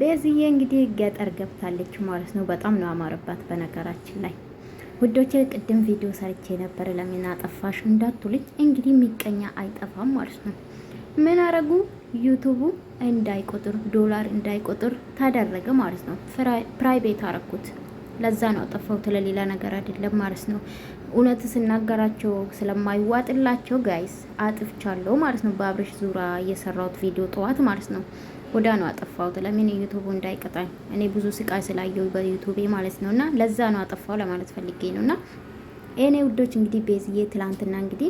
ቤዝዬ እንግዲህ ገጠር ገብታለች ማለት ነው። በጣም ነው አማረባት። በነገራችን ላይ ውዶቼ ቅድም ቪዲዮ ሰርቼ ነበር። ለምን አጠፋሽ እንዳትሉኝ እንግዲህ የሚቀኛ አይጠፋም ማለት ነው። ምን አረጉ? ዩቱቡ እንዳይቆጥር ዶላር እንዳይቆጥር ተደረገ ማለት ነው። ፕራይቬት አረኩት። ለዛ ነው አጠፋሁት፣ ለሌላ ነገር አይደለም ማለት ነው። እውነት ስናገራቸው ስለማይዋጥላቸው ጋይስ አጥፍቻለሁ ማለት ነው። በአብረሽ ዙራ የሰራሁት ቪዲዮ ጠዋት ማለት ነው ወዳ ነው አጠፋሁት። ለምን ዩቱቡ እንዳይቀጣኝ እኔ ብዙ ስቃይ ስላየው በዩቱቤ ማለት ነው። እና ለዛ ነው አጠፋው ለማለት ፈልጌ ነው እና እኔ ውዶች እንግዲህ ቤዝዬ ትላንትና እንግዲህ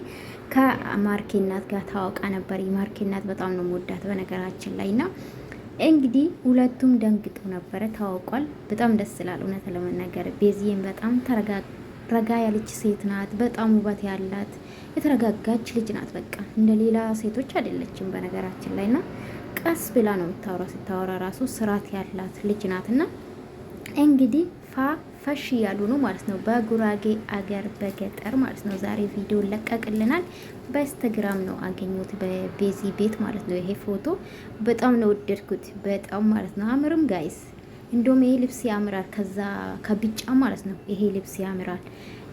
ከማርኬናት ጋር ታወቃ ነበር። የማርኬናት በጣም ነው መወዳት በነገራችን ላይ ና እንግዲህ ሁለቱም ደንግጦ ነበረ። ታውቋል። በጣም ደስ ይላል። እውነት ለመናገር ቤዚም በጣም ረጋ ያለች ሴት ናት። በጣም ውበት ያላት የተረጋጋች ልጅ ናት። በቃ እንደ ሌላ ሴቶች አይደለችም በነገራችን ላይ ቀስ ብላ ነው የምታወራ። ስታወራ ራሱ ስርዓት ያላት ልጅ ናት እና እንግዲህ ፋፈሽ እያሉ ነው ማለት ነው። በጉራጌ አገር በገጠር ማለት ነው። ዛሬ ቪዲዮ ለቀቅልናል። በኢንስታግራም ነው አገኘሁት፣ በቤዚ ቤት ማለት ነው። ይሄ ፎቶ በጣም ነው ወደድኩት፣ በጣም ማለት ነው። አምርም ጋይስ እንደውም ይሄ ልብስ ያምራል፣ ከዛ ከቢጫ ማለት ነው። ይሄ ልብስ ያምራል።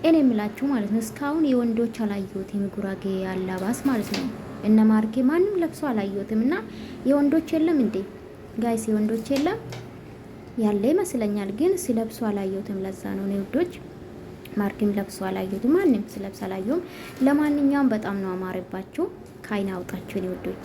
እኔ የምላችሁ ማለት ነው እስካሁን የወንዶች አላየሁትም ጉራጌ አላባስ ማለት ነው። እነ ማርኬ ማንም ለብሶ አላየሁትም። እና የወንዶች የለም እንዴ ጋይስ? የወንዶች የለም ያለ ይመስለኛል፣ ግን ሲለብሱ አላየሁትም። ለዛ ነው እኔ ውዶች ማርኪም ለብሶ አላየሁትም። ማንም ስለብስ አላየሁም። ለማንኛውም በጣም ነው አማረባችሁ። ከአይን አውጣችሁ እኔ ውዶች